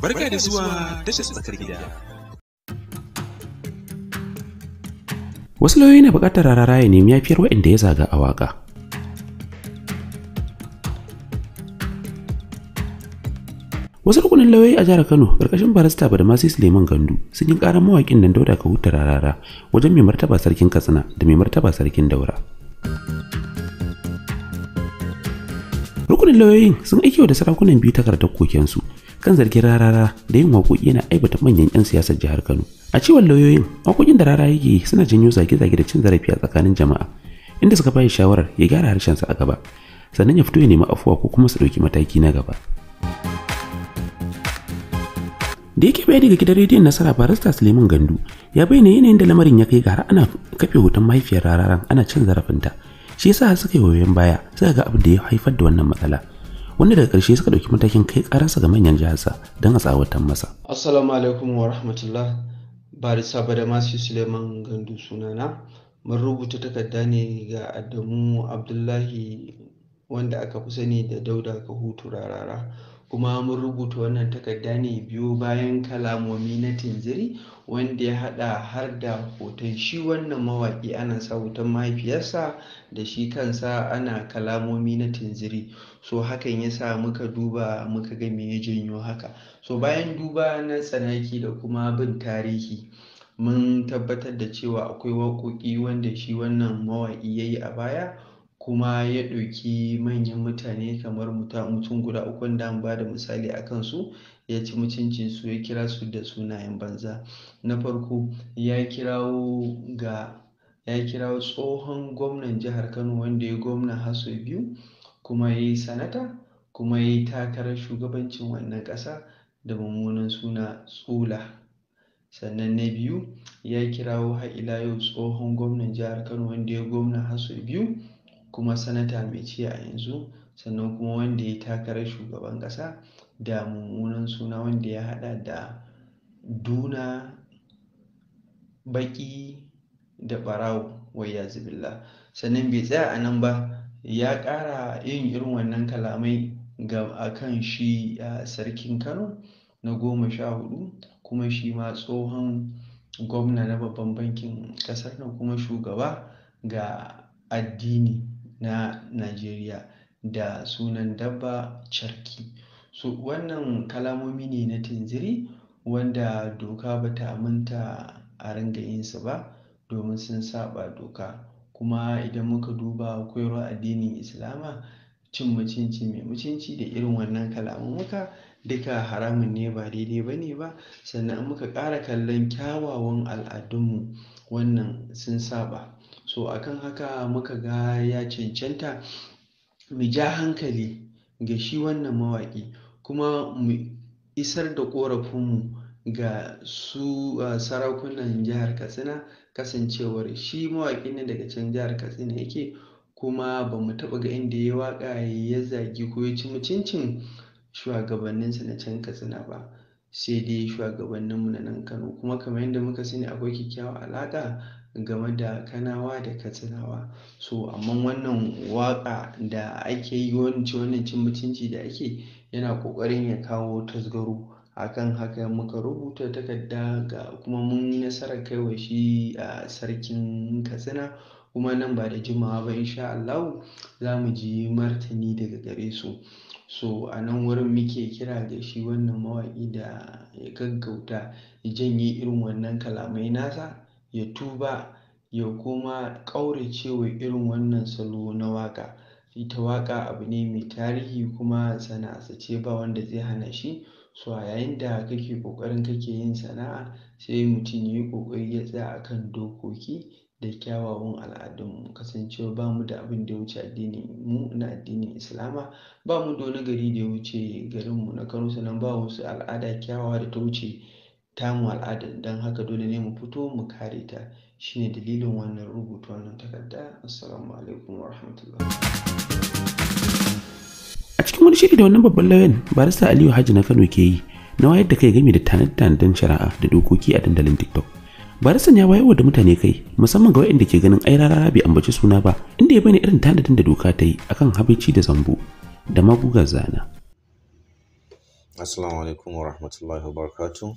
Barka da zuwa tashar tsakar gida. Wasu lauyoyi na buƙatar rarara ya nemi yafiyar waɗanda ya zaga a waƙa. Wasu rukunin lauyoyi a jihar Kano ƙarƙashin barista Badamasi Suleiman Gandu sun yi ƙaran mawaƙin nan Dauda huta rarara wajen mai martaba sarkin Katsina da mai martaba sarkin Daura. Rukunin lauyoyin sun wa da sarakunan biyu takardar kokensu kan zargin rarara da yin waƙoƙi yana aibata manyan 'yan siyasar jihar Kano. A cewar lauyoyin, waƙoƙin da rara yake suna janyo zage-zage da cin zarafi a tsakanin jama'a, inda suka bayar shawarar ya gyara harshensa a gaba, sannan ya fito ya nemi afuwa ko kuma su ɗauki mataki na gaba. da yake bayani ga gidan rediyon nasara barista suleiman gandu ya bayyana yanayin da lamarin ya kai ga har ana kafe hoton mahaifiyar rararan ana cin zarafinta shi yasa suka yi wayoyin baya suka ga abin da ya haifar da wannan matsala wanda daga ƙarshe suka ɗauki matakin kai ƙararsa ga manyan jiharsa don a tsawatan masa. Assalamu alaikum wa rahmatullah Barisa Badamasi Suleiman Gandu sunana mun rubuta takarda ne ga Adamu Abdullahi wanda aka fi sani da Dauda ka hutu Rarara. kuma mun rubuta wannan takarda ne biyo bayan kalamomi na tinziri wanda ya hada har da hoton shi wannan mawaƙi ana sa hoton mahaifiyarsa da shi kansa ana kalamomi na tinziri so hakan ya sa muka duba muka ga ya janyo haka so bayan duba na tsanaki da kuma bin tarihi mun tabbatar da cewa akwai waƙoƙi wanda shi wannan mawaki ya yi a baya kuma ya ɗauki manyan mutane kamar mutum guda uku wanda an da misali a kansu ya ci mutuncin su ya kira su da sunayen banza na farko ya kirawo ga ya kirawo tsohon gwamnan jihar kano wanda ya gwamna haso biyu kuma ya yi sanata kuma ya yi takarar shugabancin wannan ƙasa da mummunan suna tsula sannan na biyu ya kirawo ha'ila yau tsohon gwamnan jihar kano wanda ya gwamna haso biyu kuma sanata mai ci a yanzu sannan kuma wanda ya takarar shugaban ƙasa da mummunan suna wanda ya hada da duna baki da barawo waya zubilla sannan bai tsaya a nan ba ya ƙara yin irin wannan kalamai ga akan shi a sarkin kano na goma sha hudu kuma shi ma tsohon gwamna na babban bankin ƙasar nan kuma shugaba ga addini na Najeriya da sunan dabba Charki. So wannan kalamomi ne na tinziri wanda doka ba ta aminta a ringa su ba domin sun saɓa doka. Kuma idan muka duba koyarwa addinin Islama cin mutunci mai mutunci da irin wannan muka. duka haramun ne ba daidai ba ne ba sannan muka ƙara kallon kyawawan al'adunmu wannan sun saba so akan haka muka ga ya cancanta mu ja hankali ga shi wannan mawaƙi kuma mu isar da ƙorafinmu ga su sarakunan jihar katsina kasancewar shi mawaƙi ne daga can jihar katsina yake kuma ba mu taɓa ga inda ya waƙa ya zagi ko ya ci mutuncin shugabanninsa na can katsina ba sai dai shugabanninmu na nan kano kuma kamar yadda muka sani akwai kyakkyawar alaƙa game da kanawa da katsinawa so amma wannan waƙa da ake yi wancan wannan cin mutunci da ake yana ƙoƙarin ya kawo tasgaro akan haka muka rubuta takarda ga kuma mun yi nasarar kaiwa shi a ah, sarkin katsina kuma nan ba da jimawa ba insha Allah za mu ji martani daga gare su so a nan wurin muke kira da shi wannan mawaƙi da ya gaggauta ya janye irin wannan kalamai nasa ya tuba ya kuma ƙauracewa irin wannan salo na waƙa ita waƙa abu ne mai tarihi kuma sana'a ce ba wanda zai hana shi so a yayin da kake ƙoƙarin kake yin sana'a sai mutum ya yi ƙoƙari ya tsaya akan dokoki da kyawawan al'adunmu kasancewa ba mu da abin da ya wuce addinin mu na addinin islama ba mu da wani gari da ya wuce garinmu na kano sannan ba wasu al'ada kyawawa da ta wuce tamu al'ada don haka dole ne mu fito mu kare ta shine dalilin wannan rubutu wannan takarda assalamu alaikum wa a cikin wani shiri da wannan babban lauyan barista aliyu hajji na kano ke yi na wayar da kai game da tanadar shari'a da dokoki a dandalin tiktok barisan ya wayo da mutane kai musamman ga waɗanda ke ganin ai rarara bai ambaci suna ba inda ya bane irin tanadin da doka ta yi akan habici da zambo da magugar zana assalamu alaikum wa rahmatullahi wa barakatuh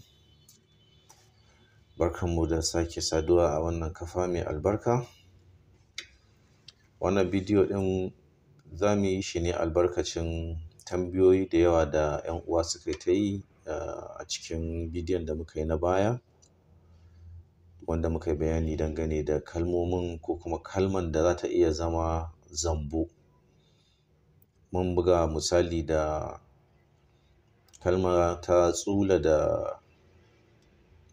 barkanmu da sake saduwa a wannan kafa mai albarka wannan bidiyo din za mu yi shi ne albarkacin tambayoyi da yawa da 'yan uwa suka ta yi eh, a cikin bidiyon da muka yi na baya wanda muka yi bayani dangane da kalmomin ko kuma kalman da zata iya zama zambo. Mun buga misali da kalma ta tsula da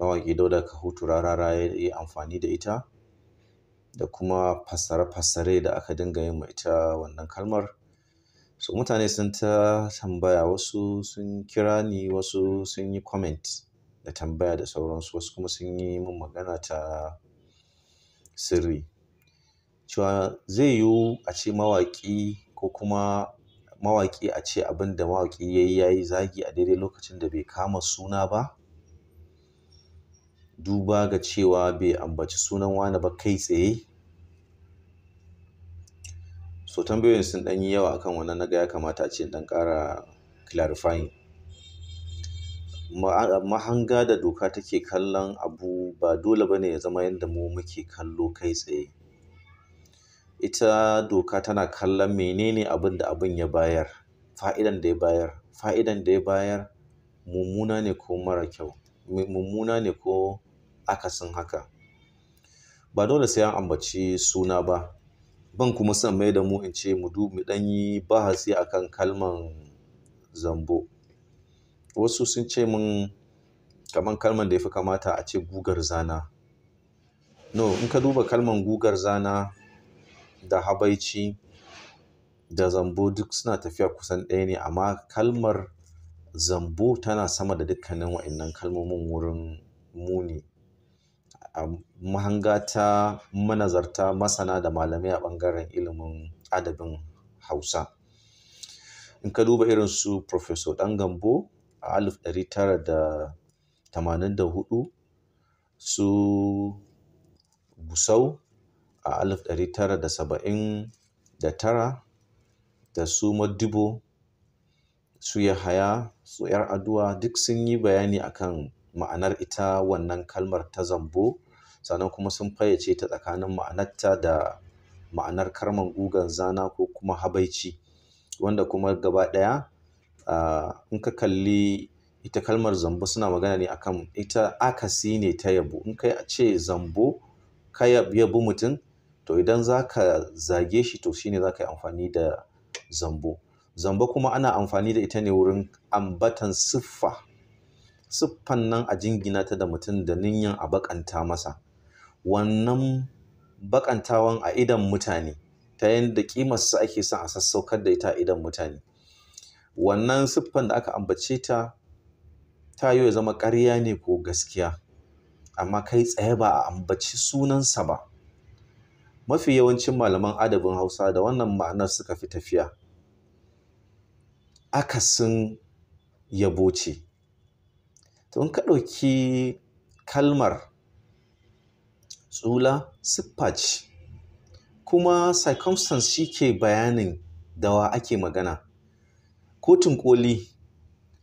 mawaƙi Dauda hutu Rarara ya yi amfani da ita da kuma fassare-fassare da aka dinga yin ma ita wannan kalmar. So mutane sun ta tambaya wasu sun kira ni wasu sun yi comment. da tambaya da sauransu. Wasu kuma sun yi min magana ta sirri. Cewa zai yiwu a ce mawaƙi ko kuma mawaƙi ce abin da mawaƙi ya yi ya yi zagi a daidai lokacin da bai kama suna ba. Duba ga cewa bai ambaci sunan wane ba kai tsaye. So tambayoyin sun ɗan yi yawa akan wannan na ga ya kamata ce in ɗan ƙara clarifying. mahanga da doka take kallon abu ba dole ba ne ya zama yadda mu muke kallo kai tsaye. Ita doka tana kallon menene abin da abin ya bayar, fa'idan da ya bayar, fa'idan da ya bayar mummuna ne ko mara kyau, mummuna ne ko akasin haka. Ba dole sai an ambaci suna ba, ban kuma son mai da mu in ce mu ɗan yi bahasi akan kalman zambo. wasu sun ce min kamar kalman da ya fi kamata a ce gugar zana no in ka duba kalman gugar zana da habaici da zambo duk suna tafiya kusan ɗaya ne amma kalmar zambo tana sama da dukkanin wa'annan kalmomin wurin muni a mahanga ta manazarta masana da malamai a ɓangaren ilimin adabin hausa in ka duba irin su professor ɗan gambo a alif ɗari tara da tamanin da hudu su busau a alif ɗari tara da saba'in da tara da su Modibo su Yahaya su ‘yar aduwa duk sun yi bayani akan ma'anar ita wannan kalmar ta zambo sannan kuma sun fayyace ta tsakanin ma'anarta da ma'anar karman gugan zana ko kuma habaici wanda kuma gaba ɗaya in ka kalli ita kalmar zambo suna magana ne akan ita akasi ne ta yabo in ka ce zambo ka yabi mutum to idan za ka zage shi to shine za ka yi amfani da zambo zambo kuma ana amfani da ita ne wurin ambatan siffa siffan nan a jingina ta da mutum da niyan a bakanta masa wannan bakantawan a idan mutane ta yadda ƙimarsa ake son a sassaukar da ita a idan mutane wannan siffan da aka ambace ta ta ya zama ƙarya ne ko gaskiya amma kai tsaye ba a ambaci sunansa ba mafi yawancin malaman adabin hausa da wannan ma'anar suka fi tafiya akasin yabo ce to in ka ɗauki kalmar tsula siffa ce kuma circumstance shi ke bayanin da wa ake magana Kotun Koli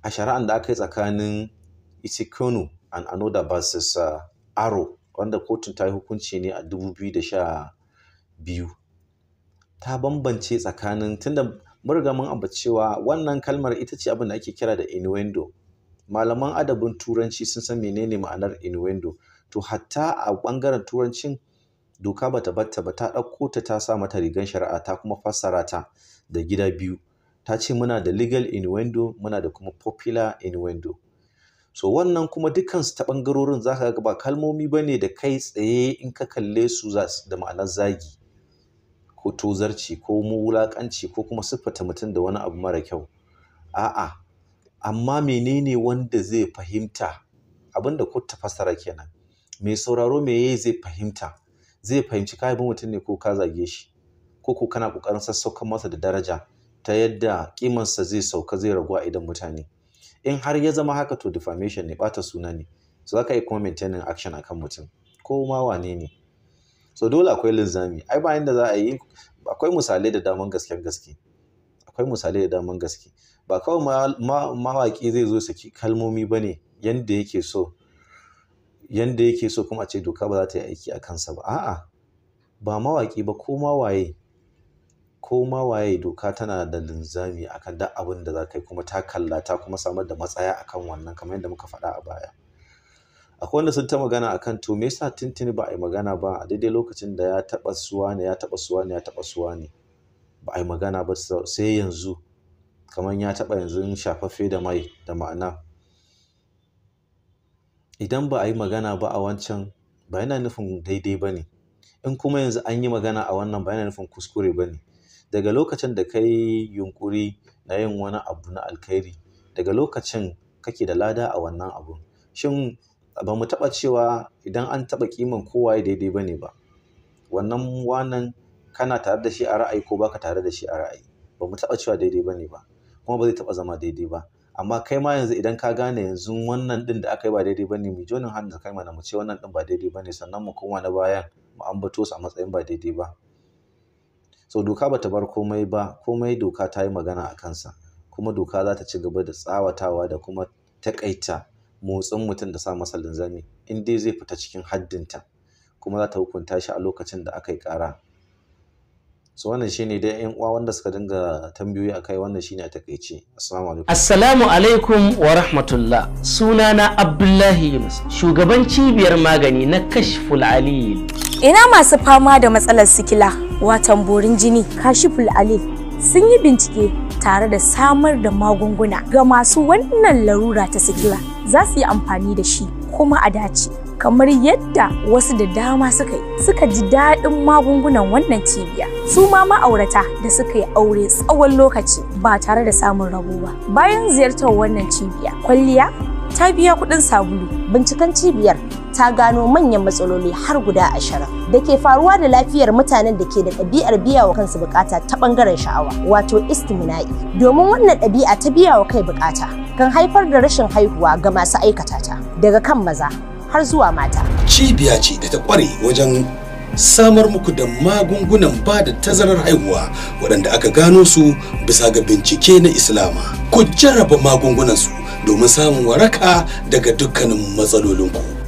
a shari'ar da aka yi tsakanin Ichikounu and Another vs. Uh, aro wanda kotun ta yi hukunci ne a 2012, ta bambance tsakanin tunda murgamin abu cewa wannan kalmar ita ce abin da ake kira da innuendo. Malaman adabin Turanci sun san menene ma'anar innuendo. To hatta a bangaren Turancin doka bata ta batta ba ta ɗauko ta ta sa mata rigar shari'a ta kuma fassara ta da gida biyu. ta ce muna da legal innuendo muna da kuma popular innuendo so wannan kuma dukansu ta ɓangarorin za ka ga ba kalmomi ba ne da kai tsaye in ka kalle su da ma'anar zagi ko tozarci ko wulaƙanci ko kuma siffata mutum da wani abu mara kyau a'a amma menene wanda zai fahimta abinda ko ta kenan mai sauraro me meye zai fahimta zai fahimci ka mutum ne ko ka zage shi ko ko kana ƙoƙarin sassaukan masa da daraja ta yadda ƙimarsa zai sauka zai ragu a idan mutane in har ya zama haka to defamation ne ɓata suna ne so za ka yi kuma maintaining action akan mutum ko ma wane ne so dole akwai linzami ai bayan da za a yi akwai misalai da daman gasken gaske akwai misalai da daman gaske ba kawai mawaƙi zai zo saki kalmomi ba ne yadda yake so yadda yake so kuma a ce doka ba za ta yi aiki a kansa ba a'a ba mawaƙi ba ko ma waye ko ma waye doka tana da linzami akan duk abin da za ka yi kuma ta kalla ta kuma samar da matsaya akan wannan kamar yadda muka faɗa a baya akwai wanda sun ta magana akan to me yasa tintini ba a yi magana ba a daidai lokacin da ya taɓa suwa ne ya taɓa suwa ne ya taɓa suwa ne ba a yi magana ba sai yanzu kamar ya taɓa yanzu shafaffe da mai da ma'ana idan ba a yi magana ba a wancan ba yana nufin daidai ba ne in kuma yanzu an yi magana a wannan ba yana nufin kuskure ba ne Daga lokacin da ka yi yunƙuri na yin wani abu na alkhairi, daga lokacin kake da lada a wannan abu Shin ba mu taɓa cewa idan an taɓa ƙiman kowa daidai ba ne ba. Wannan wannan kana tare da shi a ra'ayi ko ba ka tare da shi a ra'ayi. Ba mu taɓa cewa daidai ba ne ba kuma ba zai taɓa zama daidai ba. Amma kai ma yanzu idan ka gane yanzu wannan ɗin da aka yi ba daidai ba ne, mu jonin hannu da kai mana mu ce wannan ɗin ba daidai ba ne sannan mu koma na bayan mu ambato su a matsayin ba daidai ba. so doka bata bar komai ba komai doka ta yi magana a kansa kuma doka za ta ci gaba da tsawatawa da kuma takaita motsin mutum da sa masa linzami in dai zai fita cikin haddinta kuma za ta hukunta shi a lokacin da aka yi kara so wannan shine dai yan uwa wanda suka dinga tambayoyi akai wannan shine a takaice assalamu alaikum assalamu alaikum wa rahmatullah sunana abdullahi yunus shugaban cibiyar magani na kashful alil ina masu fama da matsalar sikila watan borin jini kashiful ali sun yi bincike tare da samar da magunguna ga masu wannan larura ta sikila za su yi amfani da shi kuma a dace kamar yadda wasu da dama suka yi suka ji daɗin magungunan wannan cibiya su ma ma'aurata da suka yi aure tsawon lokaci ba tare da samun rabo ba bayan ziyartar wannan cibiya kwalliya ta biya kuɗin sabulu binciken cibiyar ta gano manyan matsaloli har guda ashirin da ke faruwa da lafiyar mutanen da ke da ɗabi'ar biya wa kansu bukata ta ɓangaren sha'awa wato istimina'i domin wannan ɗabi'a ta biya wa kai bukata kan haifar da rashin haihuwa ga masu aikata ta daga kan maza har zuwa mata. Cibiya ce da ta ƙware wajen samar muku da magungunan ba da tazarar haihuwa waɗanda aka gano su bisa ga bincike na islama ku jarraba magungunan su domin samun waraka daga dukkanin matsalolinku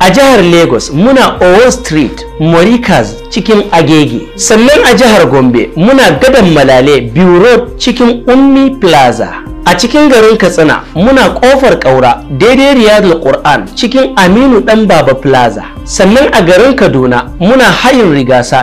a jihar lagos muna owen street morikas cikin agege sannan a jihar gombe muna gadon malale biyu road cikin ummi plaza a cikin garin katsina muna kofar kaura daidai riyadul qur'an cikin aminu dan baba plaza sannan a garin kaduna muna hayin rigasa